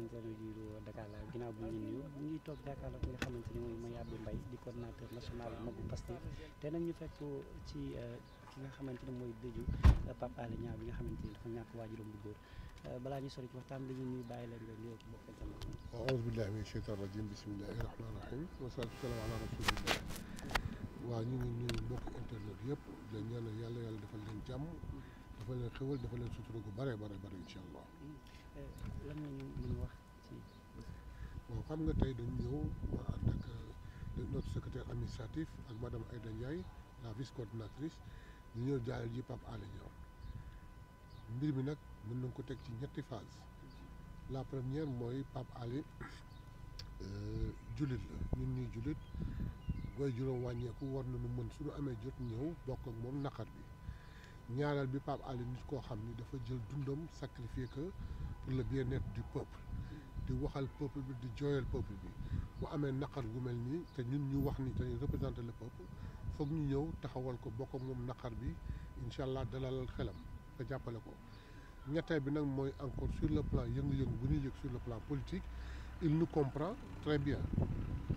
internautes yu Dakar la ginnaaw bu ñu leen nuyu ñu ngi toog Dakar la ki nga xamante ni mooy Mayabé Mbaye di coordinateur national magu Pastef te nag ñu fekk ci euh, ki nga xamante mooy dëju euh, Pape Alé Niang bi nga xamante ni dafa ñàkk waajuram bu góor euh, ñu sori ci waxtaan bi ñu nuyu bàyyi nga wa salaatu wa salaamu ala rasulillah waaw ñu ngi nuyu mbokk internet yëpp di leen ñaanal yàlla yàlla defal dafa leen xewal dafa leen sutura gu bare bare bare incha allah. lan xam nga tey dañu ñëw ma ànd ak euh, notre secrétaire administratif ak madame Aïda Ndiaye la vice coordinatrice ñu ñëw jaayal ji Pape Alé Niang mbir mi nag mën nañ ko teg ci ñetti fas la première mooy Pape Alé euh, jullit la ñun ñuy jullit booy juróom wàññeeku war nañu mën suñu amee jot ñëw bokk ak moom naqar bi. ñaareel bi Pape Alé nit koo xam ni dafa jël dundam sacrifié que pour le bien-être du peuple di waxal peuple bi di jooyal peuple bi bu amee naqar gu mel nii te ñun ñu wax ni te ñu représenté le peuple foog ñu ñëw taxawal ko bokk ak moom naqar bi incha allah dalalal xelam te jàppale ko ñettee bi nag mooy encore sur le plan yëngu-yëngu bu ñuy yëg sur le plan politique il nous comprend très bien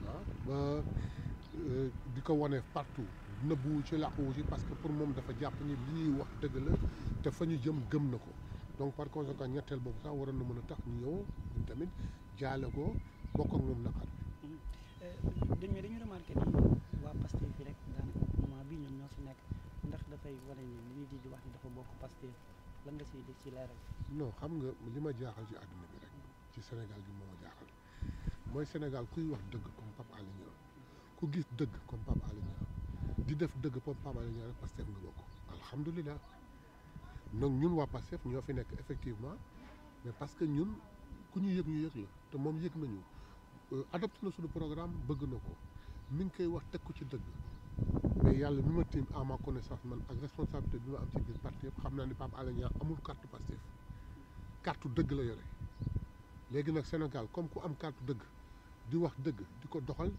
ah ba euh, di ko wane partout nëbbuwu ci làquwu ci parce que pour moom dafa jàpp ni li wax dëgg la te fa ñu jëm gëm na ko donc par conséquent ñetteel boobu sax waroon na mën a tax ñu ñëw ñun tamit jaale ko bokk ak moom naqar bi. Euh, dañu dañu remarqué ni waa Pastef fi rek daanaka moment nekk ndax dafay wane ni ñuy di dafa bokk Pastef lan nga siy di ci leeral. non xam nga li ma jaaxal ci àdduna bi rek ci Sénégal bi moo ma jaaxal mooy Sénégal kuy wax dëgg comme Pape Alé Niang ku gis dëgg comme Pape Alé Niang di def dëgg pom Pape Alé Niang Pastef nga bokk alhamdulilah donc ñun waa Pastef ñoo fi nekk effectivement mais parce que ñun ku ñu yëg ñu yëg la te moom yëg nañu euh, adopté na suñu programme bëgg na ko mi ngi koy wax teg ku ci dëgg mais yàlla mi ma tiim à ma connaissance man ak responsabilité bi ma am ci biir parti yëpp xam naa ni Pape Alé Niang amul carte Pastef carte dëgg la yore léegi nag Sénégal comme ku am carte dëgg di wax dëgg di ko doxal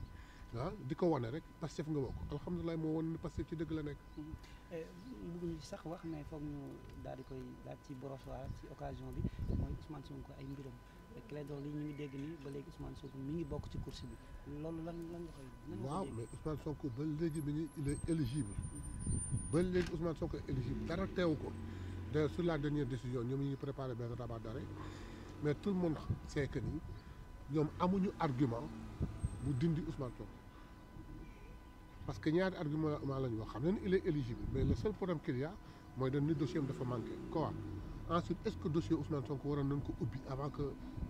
ah di ko wane rek Pastef nga bokk alhamdulilah moo wane ne Pastef ci dëgg la nekk. Mm-hmm. Eh, bëgguñu sax wax mais foog ñu daal di koy daal ci borosoir ci occasion bi mooy Ousmane Sonko ay mbiram Clédor ñu ngi dégg ba léegi Ousmane mi ngi bokk ci course bi loolu lan lan nga waaw mais Ousmane Sonko ba léegi mi ngi il est éligible mm-hmm. ba léegi Ousmane Sonko éligible dara teewu ko d'ailleurs sur la dernière décision ñoom ñu ngi préparé benn rabat d'arrêt mais tout le monde sait que ni ñoom amuñu argument bu dindi Ousmane Sonko. parce que ñaari argument la ñu wax xam ne il est éligible mais le seul problème qu'il a mooy dañ ni dossier am dafa manqué quoi ensuite est ce que dossier Ousmane Sonko waroon nañ ko ubbi avant que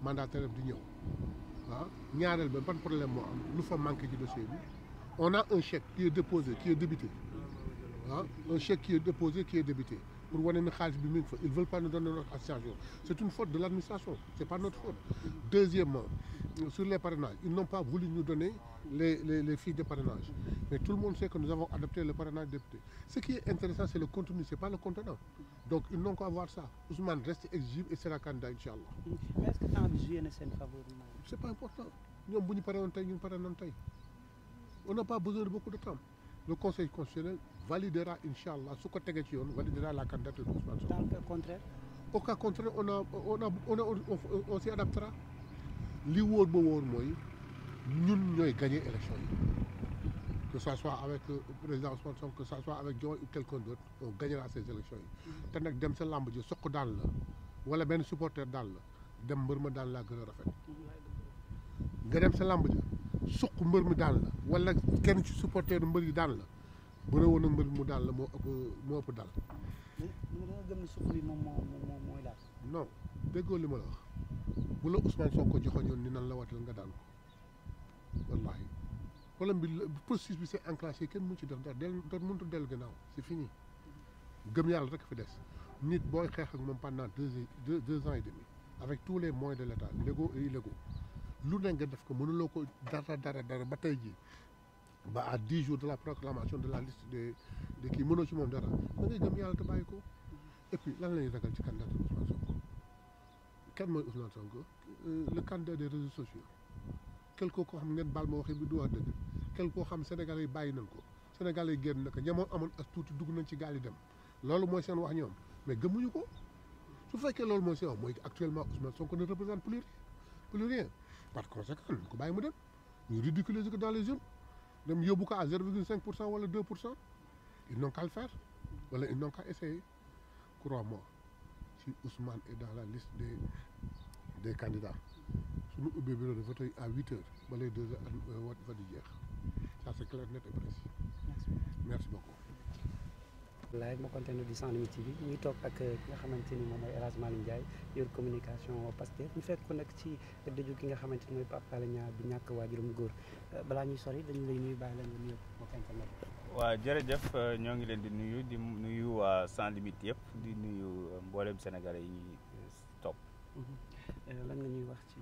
mandataire di ñëw ah ñaareel ba ban problème moo am lu fa manqué ci dossier bi on a un cheque qui est déposé qui est débité ah un chèque qui est déposé qui est débité pour wane ne nous donner notre association c' est une faute de l' administration c' est pas notre faute deuxièmement sur les parrainages ils n'ont pas voulu nous donner les les les fiches de parrainage mais tout le monde sait que nous avons adopté le parrainage ce qui est intéressant c'est le contenu c'est pas le contenant donc ils n'ont qu'à ça Ousmane reste exigible et sera candidat incha allah. mais pas important ñoom bu ñu pare woon tey ñun pare on n'a pas besoin de beaucoup de temps validera incha allah su ko tegee ci yoon validera la candidature d'Ousmane Sonko. dans li wóor ba wóor mooy ñun ñooy gagné élection yi que ça soit avec euh, président Ousmane Sonko que ça soit avec Diomaye ou quelqu'un d'autre on gagnera ces élections yi. te nag dem sa làmb ji soq daan la wala benn supporter daan la dem mbër ma daan laa gën a rafet. nga dem sa làmb ji suq mbër mi daan la wala kenn ci supporter mbër yi daan la. bëre woon na mbër mu daal la moo ëpp moo ëpp daal. mais da nga gëm ne non déggoo li ma la wax bu la Ousmane Sonko joxoñoon ni nan la watal nga daan ko wallaahi problème bi processus bi c'est enclenché kenn mu ci def dara dellu doot mënut a dellu gannaaw c'est fini gëm yàlla rekk fi des nit booy xeex ak moom pendant deux deux deux ans et demi avec tous les moyens de l'état légaux et lu ne def ko mënuloo ko dara dara dara ba tey jii ba à dix jours de la proclamation de la liste de de kii mënoo ci moom dara da ngay gëm yàlla te bàyyi ko et puis lan la ñuy ragal ci candidat de Ousmane Sonko kan mooy Ousmane Sonko euh, le candidat des réseaux sociaux quelque koo xam ngeen baal ma waxee bi du wax dëgg quelque koo xam Sénégalais yi bàyyi nañ ko Sénégalais yi génn na ko ñamoon amoon as tuuti dugg nañ ci gaal yi dem loolu mooy seen wax ñoom mais gëmuñu ko su fekkee loolu mooy seen wax mooy actuellement Ousmane Sonko ne représente plus rien plus rien par conséquent ko bàyyi mu dem ñu ridiculiser ko dans les urnes dem yóbbu ko à zéro virgule cinq pour cent wala deux pour cent ils n'ont qu'à le faire est dans la liste des des candidats suñu ubbi bureau de vote à huit heures balay deux heures euh, wa fa di jeex ça c'est clair net et précis merci beaucoup Abdoulaye mbokk internet di Sans Limites TV ñu toog ak ki nga xamante ni moom mooy El Hadj Malick Ndiaye yor communication Pastef ñu fekk ko nag ci dëju ki nga xamante ni mooy Pape Alé Niang bi ñàkk waajuram góor balaa ñuy sori dañu lay nuyu bàyyi la nga nuyu mbokk internet waaw jërëjëf ñoo ngi leen di nuyu di nuyu waa Sans Limites yëpp di nuyu mbooleem sénégalais yi ñuy topp mm-hmm. eh, nga ñuy wax ci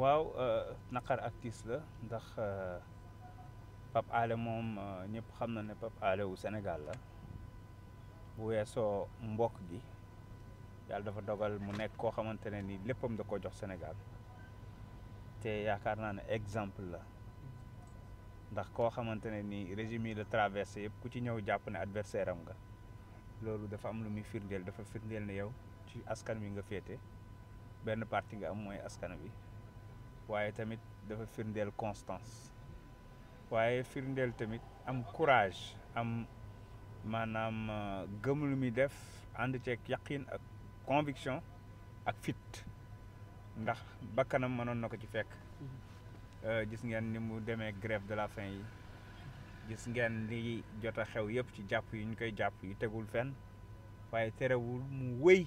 waaw euh, naqar ak gis la ndax euh, Pape moom euh, ñëpp xam na ne Pape Alé wu Sénégal la bu weesoo mbokk gi yàlla dafa dogal mu nekk koo xamante ne ni léppam da ko jox Sénégal te yaakaar naa ne exemple la ndax koo xamante ne ni régime yi de traversé yëpp ku ci ñëw jàpp ne adversaire am nga loolu dafa am lu muy firndeel dafa firndeel ne yow ci askan wi nga féete benn parti nga am mooy askan wi waaye tamit dafa firndeel constance waaye firndeel tamit am courage am maanaam euh, gëm lu muy def ànd ceeg yaqin ak conviction ak fit ndax bakkanam mënoon na ko ci fekk mm-hmm. euh, gis ngeen ni mu demee grève de la fin yi gis ngeen li jot a xew yëpp ci jàpp yi ñu koy jàpp yu tegul fenn waaye terewul mu wéy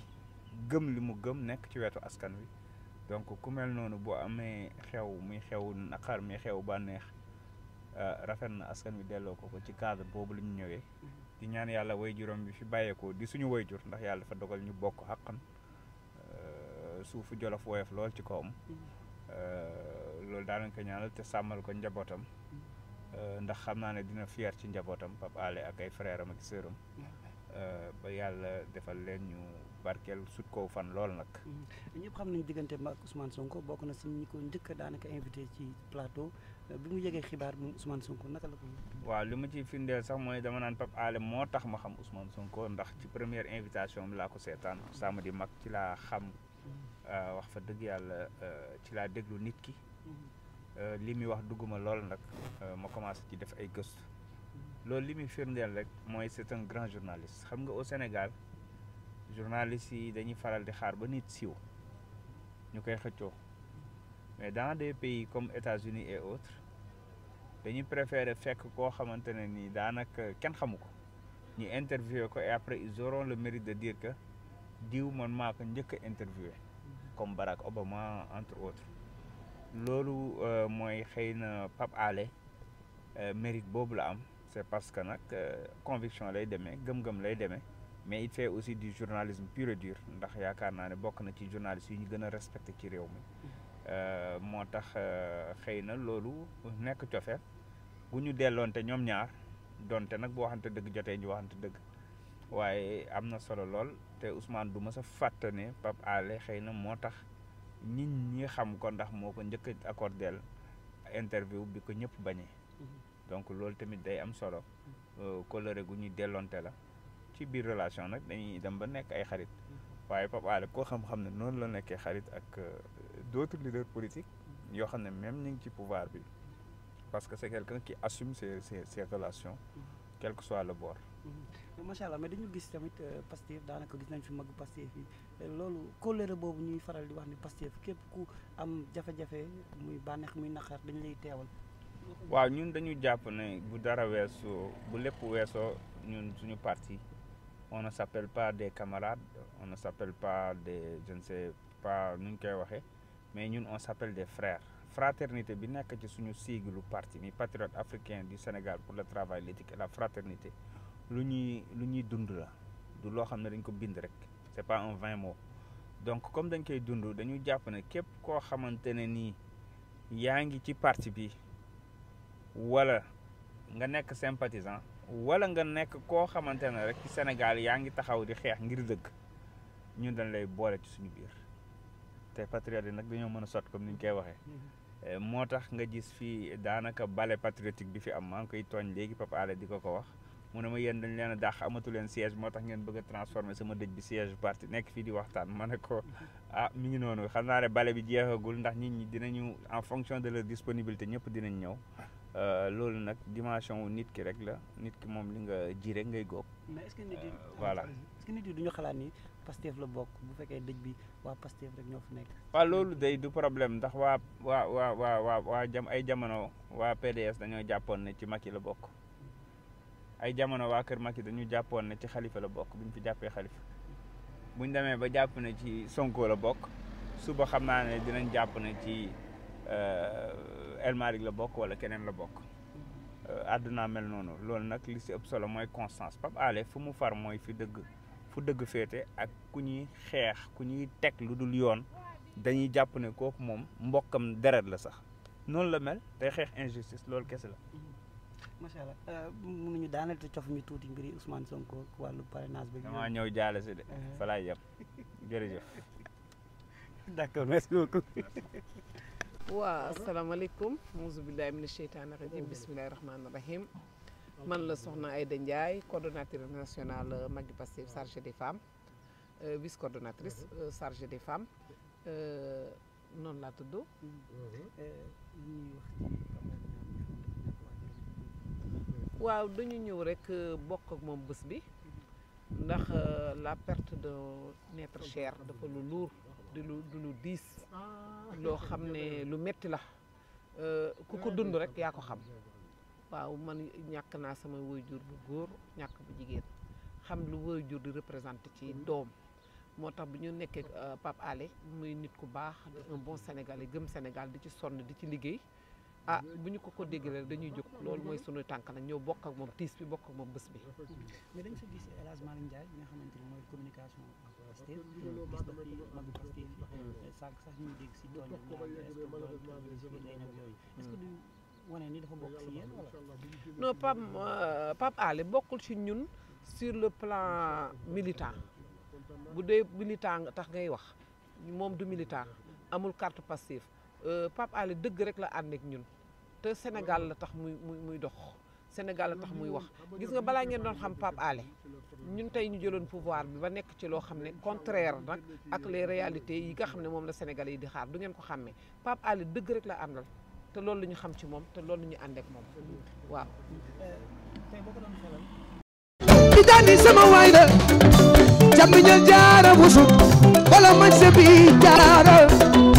gëm li mu gëm nekk ci wetu askan wi donc ku mel noonu boo amee xew muy xew naqar muy xew bànneex Euh, rafet na askan wi delloo ko ko ci cadre boobu lu ñu ñëwee. di ñaan yàlla way juróom bi fi bàyyeekoo di suñu way jur ndax yàlla fa dogal ñu bokk xaqan euh, suufu jolof woyof lool ci kawam. Euh, loolu daanañ ko ñaanal te sàmmal ko njabootam. ndax xam naa ne dina fier ci njabootam Pape Alé ak ay frère am ak sœuram mm-hmm. ba yàlla defal leen ñu. barkeel sut kow fan loolu nag. Mm-hmm. ñëpp xam nañu diggante mag ak Ousmane Sonko bokk na si ñi ko njëkk daanaka invité ci plateau bi mu yegee xibaar bi Ousmane Sonko naka la ko. waaw li ma ci firndeel sax mooy dama naan Pape Alé moo tax ma xam Ousmane Sonko ndax ci première invitation laa ko seetaan samedi mag ci laa xam. Mm-hmm. Euh, wax fa dëgg yàlla euh, ci laa déglu nit ki. Mm-hmm. Euh, li muy wax dugguma loolu nag ma commencé ci def ay gëstu. loolu li muy firndeel rek mooy c'est un grand journaliste xam nga au Sénégal. journalistes yi dañuy faral di xaar ba nit siw ñu koy xëccoo mais dans des pays comme États-Unis et autres dañuy préférer fekk koo xamante ne nii daanaka kenn xamu ko ñu interviewé ko et après ils auront le mérite de dire que diw man maa ko njëkk a comme Barack Obama entre autres loolu euh, mooy xëy na Pape Alé euh, mérite boobu la am c'est parce que nag euh, conviction lay demee gëm-gëm lay demee mais it fait aussi du journalisme pur et ndax yaakaar naa ne bokk na ci journaliste yi ñu gën a respecté ci réew mi euh, moo tax euh, xëy na loolu nekk cofeel bu ñu delloonte ñoom ñaar donte nag bu waxante dëgg jotee ñu waxante dëgg waaye am na solo lool te Ousmane du mës a fàttane ne Pape xëy na moo tax nit ñi xam ko ndax moo ko njëkk a accordé interview bi ko ñëpp bañee mm-hmm. donc loolu tamit day am solo mm-hmm. euh, coloré gu ñu delloonte la ci biir relation nag dañuy dem ba nekk ay xarit mm-hmm. waaye Pape Alé koo xam-xam ne noonu la nekkee xarit ak euh, d'autres leaders politiques yoo xam ne même ñu ngi ci pouvoir bi parce que c'est quelqu'un qui assume ses ses ses relations mm-hmm. quel que soit le bord. Mm-hmm. macha allah mais dañu gis tamit euh, Pastef daanaka gis nañ fi mag Pastef yi loolu kóllëre boobu ñuy faral di wax ni Pastef képp ku am jafe-jafe muy bànneex muy naqar dañ lay teewal. waaw ñun dañu jàpp ne bu dara weesoo bu lépp weesoo ñun suñu parti on ne s'appelle pas des camarades on ne s'appelle pas de je ne pas nu ñu koy waxee mais ñun on s'appelle des frères fraternité bi nekk ci suñu sigle parti mi patriote africain du Sénégal pour le travail l'éthique la fraternité lu ñuy lu ñuy dund la du loo xam ne dañ ko bind rek c'est pas un vain mot donc comme dañ koy dund dañu jàpp ne képp koo xamante ne nii yaa ngi ci parti bi wala nga nekk sympathisant wala nga nekk koo xamante ne rek ci Sénégal yaa ngi taxaw di xeex ngir dëgg ñun dañ lay boole ci suñu biir te patriote nag dañoo mën a sot comme ni ñu koy waxee. Eh, moo tax nga gis fii daanaka bale patriotique bi fi am maa ngi koy tooñ léegi Papa di ko ko wax. mu ne ma yéen dañu leen a dàq amatu leen siège moo tax ngeen bëgg a sama dëj bi siège parti nekk fii di waxtaan ma ne ko ah mu ngi noonu xanaa rek bale bi jeexagul ndax nit ñi dinañu en fonction de la disponibilité ñëpp dinañ ñëw euh, loolu nag dimension wu nit ki rek la nit ki moom li nga ji rek ngay góob. Euh, voilà duñu xalaat ni Pastef la bokk bu fekkee dëj bi waa Pastef rek ñoo fi nekk. waaw loolu day du problème ndax waa waa waa waa waa jam ay jamono waa PDS dañoo jàppoon ne ci Macky la bokk. ay jamono waa Kër Macky dañu jàppoon na ci xalifa la bokk buñ fi jàppee xalifa buñ demee ba jàpp na ci Sonko la bokk suba xam naa ne dinañ jàpp ne ci euh, El Malick la bokk wala keneen la bokk euh, àdduna mel noonu loolu nag li si solo mooy constance Pape Alé fu mu far mooy fi dëgg fu dëgg féete ak ku ñuy xeex ku ñuy teg lu dul yoon dañuy jàpp ne kooku moom mbokkam deret la sax noonu la mel day xeex injustice loolu kese la macha euh, nu ñu daanal te cof ñu tuuti mbiri Ousmane Sonko wàllu parrainage bi. damaa ñëw jaale si de. Uh-huh. fa laay yem jërëjëf. d' accord merci beaucoup. waa asalaamaaleykum. muusu billaahi mina sheytaani man la soxna Aïda Ndiaye coordonnatrice nationale euh, Maggi Pastef chargée des femmes euh, vice coordonnatrice uh-huh. chargée des femmes noonu laa tudd. Mm-hmm. waaw dañu ñëw rek euh, bokk ak moom bés bi ndax euh, la perte de notre chair dafa lu luur di lu lu diis ah. loo xam ne lu metti la euh, ku ko dund rek yaa ko xam waaw man ñàkk naa sama waajur bu góor ñàkk bu jigéen xam lu waajur di représenté ci mm-hmm. doom moo tax bu ñu nekkee Pape Alé muy nit ku baax un bon sénégalais gëm Sénégal di ci sonn di ci liggéey ah bu ñu ko ko déggalee dañuy jóg loolu mooy sunu tànk nag ñëw bokk ak moom tiis bi bokk ak moom bés bi. mais dañ fa gis El Hadj Malick Ndiaye nga si tooñ yooyu est-ce que ni dafa bokk si yéen wala. non Pape euh, Pape bokkul si ñun sur le plan militant bu dee militant tax ngay wax moom du militant amul carte Pastef euh, Pape Ali dëgg rek la ànd ak ñun. te Sénégal la tax muy muy muy dox Sénégal la tax muy wax gis nga balaa ngeen doon xam Pape Alé ñun tey ñu jëloon pouvoir bi ba nekk ci loo xam ne contraire nag ak les réalité yi nga xam ne moom la Sénégalais yi di xaar du ngeen ko xàmmee Pape Alé dëgg rek la am àndal te loolu la ñu xam ci moom te loolu la ñu ànd ak moom waaw. di daani sama waay la jàmm ña jaara busut wala man sa